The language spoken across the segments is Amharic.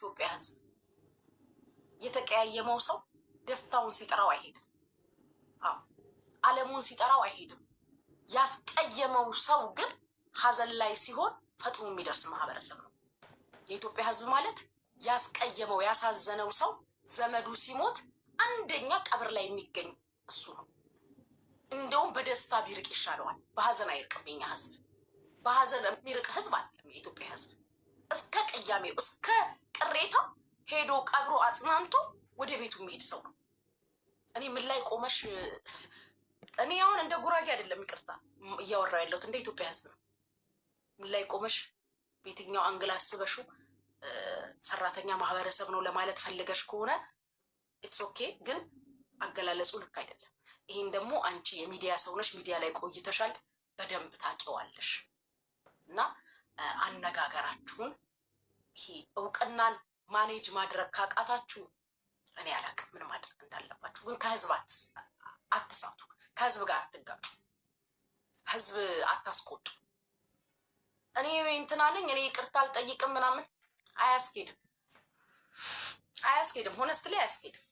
የኢትዮጵያ ህዝብ የተቀያየመው ሰው ደስታውን ሲጠራው አይሄድም። አዎ አለሙን ሲጠራው አይሄድም። ያስቀየመው ሰው ግን ሀዘን ላይ ሲሆን ፈጥኖ የሚደርስ ማህበረሰብ ነው። የኢትዮጵያ ህዝብ ማለት ያስቀየመው ያሳዘነው ሰው ዘመዱ ሲሞት አንደኛ ቀብር ላይ የሚገኝ እሱ ነው። እንደውም በደስታ ቢርቅ ይሻለዋል። በሀዘን አይርቅም። የኛ ሕዝብ በሀዘን የሚርቅ ህዝብ አይደለም። የኢትዮጵያ ህዝብ እስከ ቅያሜው እስከ ቅሬታ ሄዶ ቀብሮ አጽናንቶ ወደ ቤቱ የሚሄድ ሰው ነው። እኔ ምን ላይ ቆመሽ? እኔ አሁን እንደ ጉራጌ አይደለም ይቅርታ እያወራ ያለሁት እንደ ኢትዮጵያ ሕዝብ ነው። ምን ላይ ቆመሽ? ቤትኛው አንግል አስበሹ ሰራተኛ ማህበረሰብ ነው ለማለት ፈልገሽ ከሆነ ኢትስ ኦኬ፣ ግን አገላለጹ ልክ አይደለም። ይህን ደግሞ አንቺ የሚዲያ ሰው ነሽ፣ ሚዲያ ላይ ቆይተሻል፣ በደንብ ታውቂዋለሽ እና አነጋገራችሁን ይሄ እውቅናን ማኔጅ ማድረግ ካቃታችሁ እኔ አላቅም ምን ማድረግ እንዳለባችሁ። ግን ከህዝብ አትሳቱ፣ ከህዝብ ጋር አትጋጩ፣ ህዝብ አታስቆጡ። እኔ እንትና እኔ ይቅርታ አልጠይቅም ምናምን አያስኬድም፣ አያስኬድም፣ ሆነስት ላይ አያስኬድም።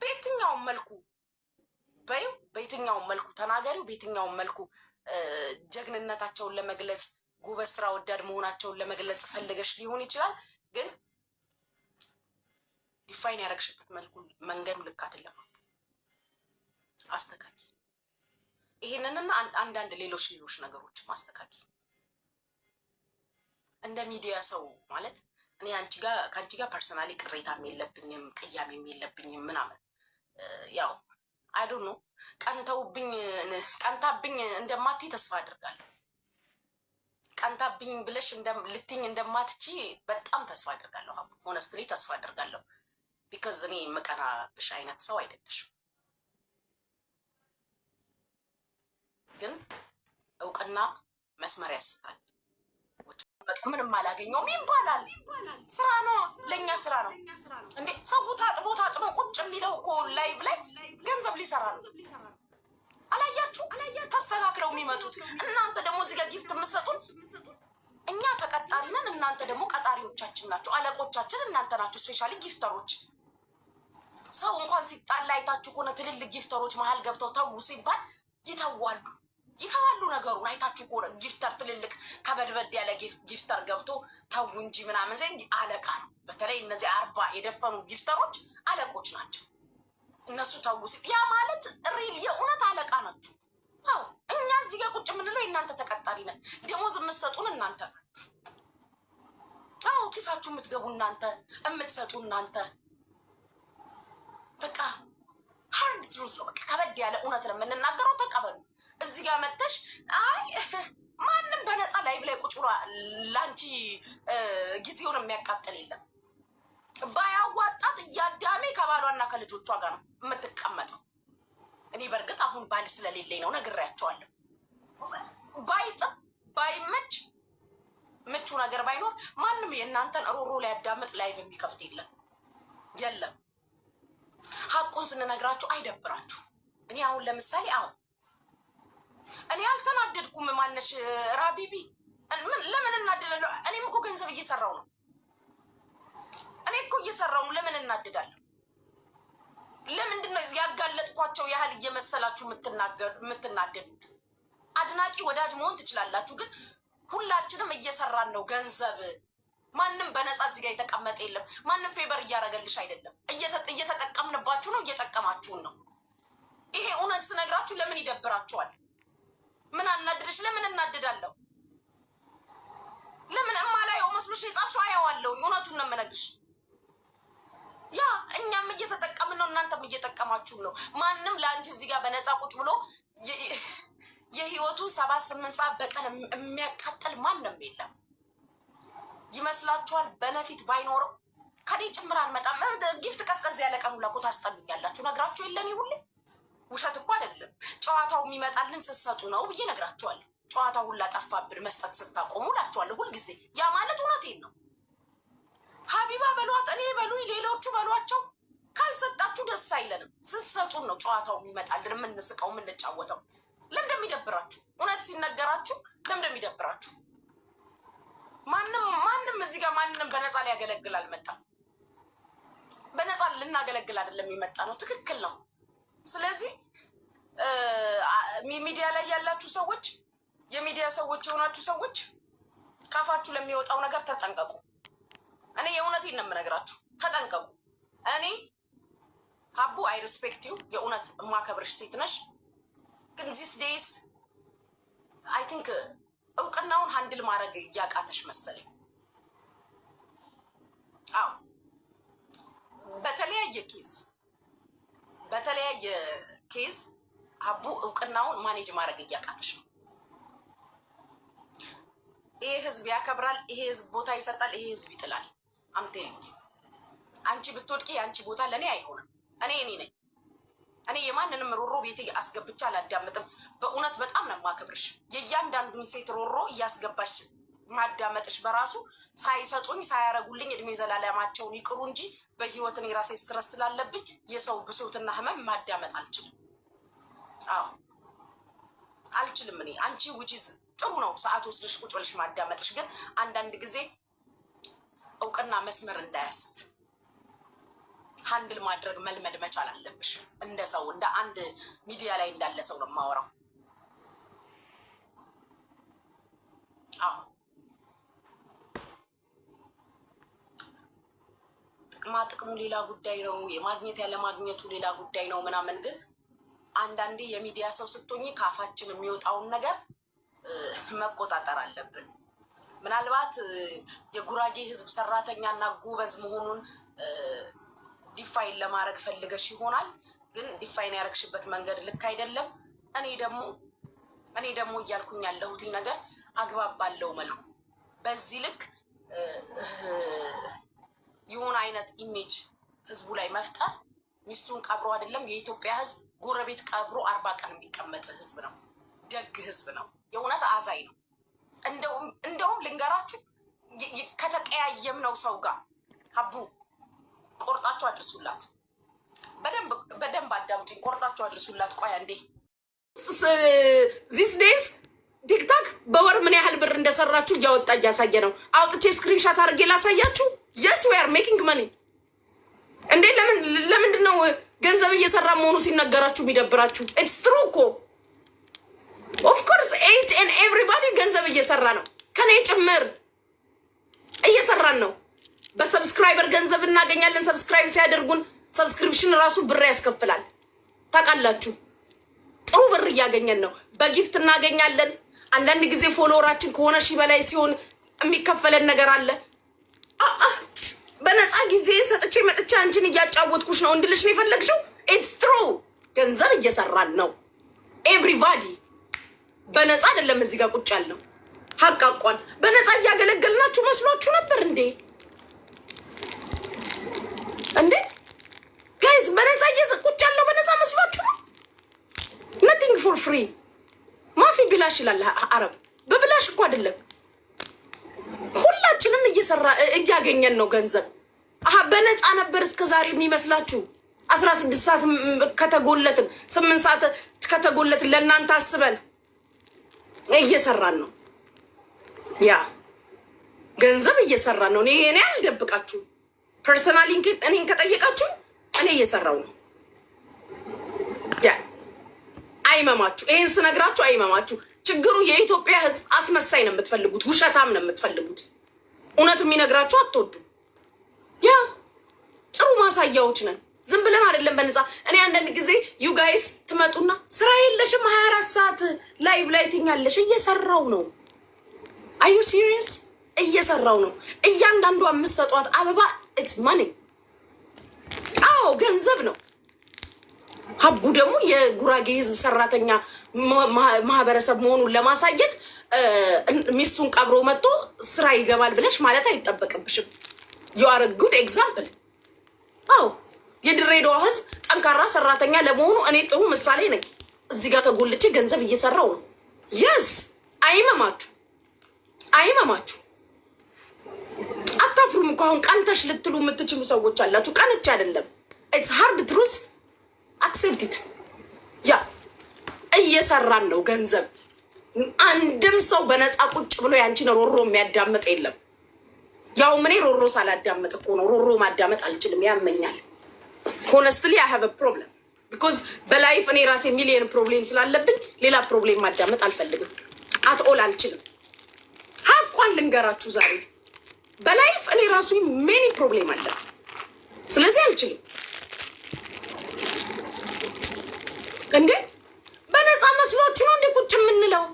በየትኛውም መልኩ በይም በየትኛውም መልኩ ተናገሪው፣ በየትኛውም መልኩ ጀግንነታቸውን ለመግለጽ ጉበት ስራ ወዳድ መሆናቸውን ለመግለጽ ፈልገሽ ሊሆን ይችላል። ግን ዲፋይን ያደረግሽበት መልኩ መንገዱ ልክ አይደለም። አስተካኪ። ይሄንንና አንዳንድ ሌሎች ሌሎች ነገሮች አስተካኪ። እንደ ሚዲያ ሰው ማለት እኔ አንቺ ጋር ከአንቺ ጋር ፐርሰናሊ ቅሬታም የለብኝም ቅያሜም የለብኝም ምናምን ያው አይዶ ነው ቀንተውብኝ ቀንታብኝ እንደማትይ ተስፋ አድርጋለሁ። ቀንታብኝ ብለሽ ልትኝ እንደማትቺ በጣም ተስፋ አድርጋለሁ። አቡ ሆነስትሊ ተስፋ አድርጋለሁ። ቢካዝ እኔ የምቀናብሽ አይነት ሰው አይደለሽም። ግን እውቅና መስመር ያስታል። ምንም አላገኘውም ይባላል። ስራ ነው፣ ለእኛ ስራ ነው እንዴ! ሰው ታጥቦ ታጥቦ ቁጭ የሚለው እኮ ላይቭ ላይ ገንዘብ ሊሰራ ነው። አላያችሁ ተስተካክለው የሚመጡት እናንተ ደግሞ እዚህ ጋር ጊፍት የምትሰጡን እኛ ተቀጣሪ ነን፣ እናንተ ደግሞ ቀጣሪዎቻችን ናችሁ። አለቆቻችን እናንተ ናችሁ። ስፔሻሊ ጊፍተሮች ሰው እንኳን ሲጣላ አይታችሁ ከሆነ ትልልቅ ጊፍተሮች መሀል ገብተው ተዉ ሲባል ይተዋሉ ይተዋሉ ነገሩን አይታችሁ ከሆነ ጊፍተር ትልልቅ ከበድበድ ያለ ጊፍተር ገብቶ ተው እንጂ ምናምን ዘ አለቃ ነው። በተለይ እነዚህ አርባ የደፈኑ ጊፍተሮች አለቆች ናቸው። እነሱ ታጉ ሲል ያ ማለት ሪል የእውነት አለቃ ናችሁ። አዎ እኛ እዚህ ጋር ቁጭ የምንለው የእናንተ ተቀጣሪ ነን። ደሞዝ የምትሰጡን እናንተ ናችሁ። አዎ ኪሳችሁ የምትገቡ እናንተ፣ የምትሰጡ እናንተ። በቃ ሀርድ ትሩዝ ነው። በቃ ከበድ ያለ እውነት ነው የምንናገረው። ተቀበሉ። እዚህ ጋር መተሽ አይ ማንም በነፃ ላይብ ላይ ቁጭ ብሎ ላንቺ ጊዜውን የሚያቃጥል የለም። ባያዋጣት እያዳሜ ከባሏና ከልጆቿ ጋር ነው የምትቀመጠው። እኔ በእርግጥ አሁን ባል ስለሌለኝ ነው ነግሬያቸዋለሁ። ባይጥም ባይመች ምቹ ነገር ባይኖር ማንም የእናንተን ሮሮ ሊያዳምጥ ላይቭ የሚከፍት የለም የለም። ሀቁን ስንነግራችሁ አይደብራችሁ። እኔ አሁን ለምሳሌ አሁን እኔ አልተናደድኩም። ማነሽ ራቢቢ? ምን ለምን እናደለ? እኔም እኮ ገንዘብ እየሰራው ነው እያወራሁ ለምን እናድዳለሁ? ለምንድን ነው ያጋለጥኳቸው ያህል እየመሰላችሁ የምትናደዱት? አድናቂ ወዳጅ መሆን ትችላላችሁ፣ ግን ሁላችንም እየሰራን ነው ገንዘብ። ማንም በነፃ እዚህ ጋ የተቀመጠ የለም። ማንም ፌበር እያደረገልሽ አይደለም። እየተጠቀምንባችሁ ነው፣ እየጠቀማችሁን ነው። ይሄ እውነት ስነግራችሁ ለምን ይደብራችኋል? ምን አናድደሽ? ለምን እናድዳለሁ? ለምን እማላየው መስሎሽ የጻፍሽው አየዋለሁኝ። እውነቱን ነው የምነግርሽ። ያ እኛም እየተጠቀምን ነው፣ እናንተም እየጠቀማችሁ ነው። ማንም ለአንቺ እዚህ ጋር በነፃ ቁጭ ብሎ የህይወቱን ሰባት ስምንት ሰዓት በቀን የሚያቃጥል ማንም የለም። ይመስላችኋል? በነፊት ባይኖረው ከኔ ጭምር አልመጣም። ጊፍት ቀዝቀዝ ያለ ቀን ሁላ እኮ ታስጠሉኛላችሁ። ነግራችሁ የለን ሁሌ ውሸት እኮ አይደለም። ጨዋታው የሚመጣልን ስትሰጡ ነው ብዬ ነግራችኋለሁ። ጨዋታው ሁላ ጠፋብን መስጠት ስታቆሙ እላችኋለሁ ሁልጊዜ። ያ ማለት እውነቴን ነው። ሀቢባ በሏት፣ እኔ በሉኝ፣ ሌሎቹ በሏቸው። ካልሰጣችሁ ደስ አይለንም። ስትሰጡን ነው ጨዋታው የሚመጣልን፣ የምንስቀው፣ የምንጫወተው። ለምን የሚደብራችሁ እውነት ሲነገራችሁ ለምን የሚደብራችሁ ማንም ማንም እዚህ ጋር ማንም በነፃ ሊያገለግል አልመጣም። በነፃ ልናገለግል አይደለም የሚመጣ ነው። ትክክል ነው። ስለዚህ ሚዲያ ላይ ያላችሁ ሰዎች፣ የሚዲያ ሰዎች የሆናችሁ ሰዎች ካፋችሁ ለሚወጣው ነገር ተጠንቀቁ። እኔ የእውነቴን ነው የምነግራችሁ፣ ተጠንቀቁ። እኔ ሀቡ አይ ሪስፔክት ዩ የእውነት የማከብርሽ ሴት ነሽ፣ ግን ዚስ ዴይስ አይ ቲንክ እውቅናውን ሀንድል ማድረግ እያቃተሽ መሰለኝ። አዎ በተለያየ ኬዝ በተለያየ ኬዝ ሀቡ እውቅናውን ማኔጅ ማድረግ እያቃተሽ ነው። ይሄ ህዝብ ያከብራል፣ ይሄ ህዝብ ቦታ ይሰጣል፣ ይሄ ህዝብ ይጥላል። አምትልኝ። አንቺ ብትወድቂ የአንቺ ቦታ ለእኔ አይሆንም። እኔ እኔ ነኝ። እኔ የማንንም ሮሮ ቤቴ አስገብቻ አላዳምጥም። በእውነት በጣም ነው የማከብርሽ። የእያንዳንዱን ሴት ሮሮ እያስገባሽ ማዳመጥሽ በራሱ ሳይሰጡኝ ሳያረጉልኝ እድሜ ዘላለማቸውን ይቅሩ እንጂ በህይወትን እኔ ስትረስ ስላለብኝ የሰው ብሶትና ህመም ማዳመጥ አልችልም። አዎ አልችልም። እኔ አንቺ ውጪ ጥሩ ነው ሰዓት ወስደሽ ቁጭ ብለሽ ማዳመጥሽ፣ ግን አንዳንድ ጊዜ እውቅና መስመር እንዳያስት ሀንድል ማድረግ መልመድ መቻል አለብሽ። እንደ ሰው እንደ አንድ ሚዲያ ላይ እንዳለ ሰው ነው የማወራው። አዎ ጥቅማ ጥቅሙ ሌላ ጉዳይ ነው። የማግኘት ያለማግኘቱ ሌላ ጉዳይ ነው ምናምን። ግን አንዳንዴ የሚዲያ ሰው ስትሆኚ ከአፋችን የሚወጣውን ነገር መቆጣጠር አለብን። ምናልባት የጉራጌ ህዝብ ሰራተኛና ጎበዝ መሆኑን ዲፋይን ለማድረግ ፈልገሽ ይሆናል። ግን ዲፋይን ያደረግሽበት መንገድ ልክ አይደለም። እኔ ደግሞ እኔ ደግሞ እያልኩኝ ያለሁት ነገር አግባብ ባለው መልኩ በዚህ ልክ የሆነ አይነት ኢሜጅ ህዝቡ ላይ መፍጠር ሚስቱን ቀብሮ አይደለም። የኢትዮጵያ ህዝብ ጎረቤት ቀብሮ አርባ ቀን የሚቀመጥ ህዝብ ነው። ደግ ህዝብ ነው። የእውነት አዛኝ ነው። እንደውም ልንገራችሁ ከተቀያየም ነው ሰው ጋር ሀቡ ቆርጣችሁ አድርሱላት። በደንብ አዳምጡኝ። ቆርጣችሁ አድርሱላት። ቆያ እንዴ ዚስ ዴይዝ ቲክታክ በወር ምን ያህል ብር እንደሰራችሁ እያወጣ እያሳየ ነው። አውጥቼ ስክሪንሻት አድርጌ ላሳያችሁ። የስ ዌር ሜኪንግ መኒ እንዴ! ለምንድን ነው ገንዘብ እየሰራ መሆኑ ሲነገራችሁ የሚደብራችሁ? ኢትስ ትሩ እኮ ኦፍኮርስ ኤች ኤን ኤቭሪባዲ ገንዘብ እየሰራ ነው፣ ከኔ ጭምር እየሰራን ነው። በሰብስክራይበር ገንዘብ እናገኛለን። ሰብስክራይብ ሲያደርጉን ሰብስክሪፕሽን ራሱ ብር ያስከፍላል። ታውቃላችሁ፣ ጥሩ ብር እያገኘን ነው። በጊፍት እናገኛለን። አንዳንድ ጊዜ ፎሎወራችን ከሆነ ሺህ በላይ ሲሆን የሚከፈለን ነገር አለ። በነፃ ጊዜ ሰጥቼ መጥቼ አንቺን እያጫወትኩሽ ነው እንድልሽ ነው የፈለግሽው? ኢትስ ትሩ ገንዘብ እየሰራን ነው ኤቭሪባዲ በነፃ አይደለም እዚህ ጋር ቁጭ ያለው ሀቅ አቋል በነፃ እያገለገልናችሁ መስሏችሁ ነበር እንዴ? እንዴ ጋይዝ በነፃ ቁጭ ያለው በነፃ መስሏችሁ ነው። ነቲንግ ፎር ፍሪ ማፊ ቢላሽ ይላል አረብ። በብላሽ እኮ አይደለም ሁላችንም እየሰራ እያገኘን ነው ገንዘብ። አሀ በነፃ ነበር እስከ ዛሬ የሚመስላችሁ። አስራ ስድስት ሰዓት ከተጎለትን ስምንት ሰዓት ከተጎለትን ለእናንተ አስበን እየሰራን ነው። ያ ገንዘብ እየሰራን ነው። እኔ አልደብቃችሁ ፐርሰናሊ እኔን ከጠየቃችሁ እኔ እየሰራው ነው። ያ አይመማችሁ። ይህን ስነግራችሁ አይመማችሁ። ችግሩ የኢትዮጵያ ሕዝብ አስመሳይ ነው የምትፈልጉት፣ ውሸታም ነው የምትፈልጉት። እውነቱ የሚነግራችሁ አትወዱ። ያ ጥሩ ማሳያዎች ነን። ዝም ብለን አይደለም በነፃ። እኔ አንዳንድ ጊዜ ዩ ጋይስ ትመጡና ስራ የለሽም ሀያ አራት ሰዓት ላይቭ ላይ ትኛለሽ። እየሰራው ነው። አዩ ሲሪየስ? እየሰራው ነው። እያንዳንዷ የምትሰጧት አበባ ኢትስ ማኒ። አዎ ገንዘብ ነው። ሀቡ ደግሞ የጉራጌ ህዝብ ሰራተኛ ማህበረሰብ መሆኑን ለማሳየት ሚስቱን ቀብሮ መጥቶ ስራ ይገባል ብለሽ ማለት አይጠበቅብሽም። ዩ አር ጉድ ኤግዛምፕል። አዎ የድሬዳዋ ህዝብ ጠንካራ ሰራተኛ ለመሆኑ እኔ ጥሩ ምሳሌ ነኝ። እዚህ ጋር ተጎልቼ ገንዘብ እየሰራው ነው። የስ አይመማችሁ፣ አይመማችሁ። አታፍሩም እኮ አሁን ቀንተሽ ልትሉ የምትችሉ ሰዎች አላችሁ። ቀንቼ አይደለም። ኢትስ ሃርድ ትሩስ አክሴፕቲት ያ እየሰራን ነው ገንዘብ። አንድም ሰው በነፃ ቁጭ ብሎ ያንቺን ሮሮ የሚያዳምጥ የለም። ያው እኔ ሮሮ ሳላዳምጥ እኮ ነው። ሮሮ ማዳመጥ አልችልም፣ ያመኛል። ሆነስትሊ አይ ሃቭ ፕሮብለም ቢኮዝ በላይፍ እኔ ራሴ ሚሊየን ፕሮብሌም ስላለብኝ ሌላ ፕሮብሌም ማዳመጥ አልፈልግም። አትኦል አልችልም። ሀቋን ልንገራችሁ ዛሬ በላይፍ እኔ ራሱ ሜኒ ፕሮብሌም አለ ስለዚህ አልችልም እንዴ በነፃ መስሎች ነው እንደ ቁጭ የምንለው?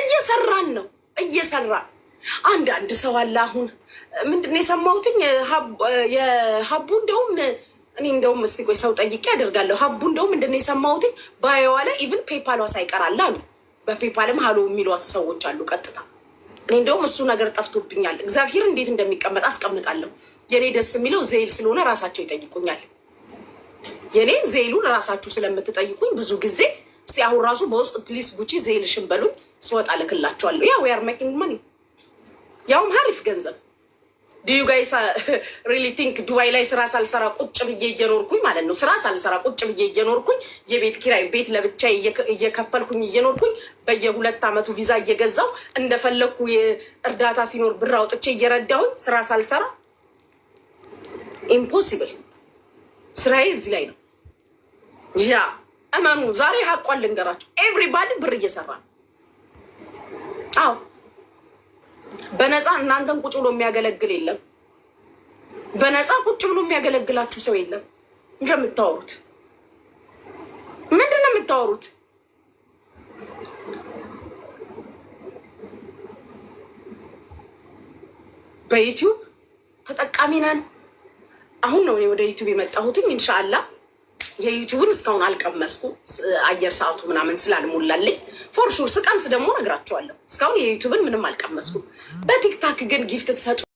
እየሰራን ነው እየሰራን አንዳንድ ሰው አለ። አሁን ምንድን ነው የሰማሁትኝ? የሀቡ እንደውም እኔ እንደውም እስቲ ቆይ ሰው ጠይቄ ያደርጋለሁ። ሀቡ እንደውም ምንድን ነው የሰማሁትኝ? ባየዋ ላይ ኢቭን ፔፓሏ ሳይቀር አሉ። በፔፓልም ሀሎ የሚሏት ሰዎች አሉ ቀጥታ እኔ እንደውም እሱ ነገር ጠፍቶብኛል። እግዚአብሔር እንዴት እንደሚቀመጥ አስቀምጣለሁ። የኔ ደስ የሚለው ዜል ስለሆነ ራሳቸው ይጠይቁኛል። የኔ ዜሉን ራሳችሁ ስለምትጠይቁኝ ብዙ ጊዜ እስቲ አሁን ራሱ በውስጥ ፕሊስ ጉቺ ዜልሽን በሉኝ፣ ስወጣ ልክላቸዋለሁ። ያ ዌአር ሜኪንግ መኒ ያውም ሀሪፍ ገንዘብ ዲዩ ጋይስ ሪሊ ቲንክ ዱባይ ላይ ስራ ሳልሰራ ቁጭ ብዬ እየኖርኩኝ ማለት ነው። ስራ ሳልሰራ ቁጭ ብዬ እየኖርኩኝ የቤት ኪራይ ቤት ለብቻ እየከፈልኩኝ እየኖርኩኝ በየሁለት ዓመቱ ቪዛ እየገዛው እንደፈለግኩ እርዳታ ሲኖር ብር አውጥቼ እየረዳሁኝ ስራ ሳልሰራ ኢምፖሲብል። ስራዬ እዚህ ላይ ነው። ያ እመኑ። ዛሬ ሀቋን ልንገራችሁ። ኤቭሪባዲ ብር እየሰራ ነው። አዎ በነፃ እናንተን ቁጭ ብሎ የሚያገለግል የለም። በነፃ ቁጭ ብሎ የሚያገለግላችሁ ሰው የለም። እንደምታወሩት ምንድን ነው የምታወሩት? በዩቲዩብ ተጠቃሚ ነን። አሁን ነው ወደ ዩቲዩብ የመጣሁትም እንሻአላህ? የዩቲዩብን እስካሁን አልቀመስኩ አየር ሰዓቱ ምናምን ስላልሞላልኝ ፎርሹር ስቀምስ ደግሞ ነግራቸዋለሁ። እስካሁን የዩቲዩብን ምንም አልቀመስኩም። በቲክታክ ግን ጊፍት ትሰጡ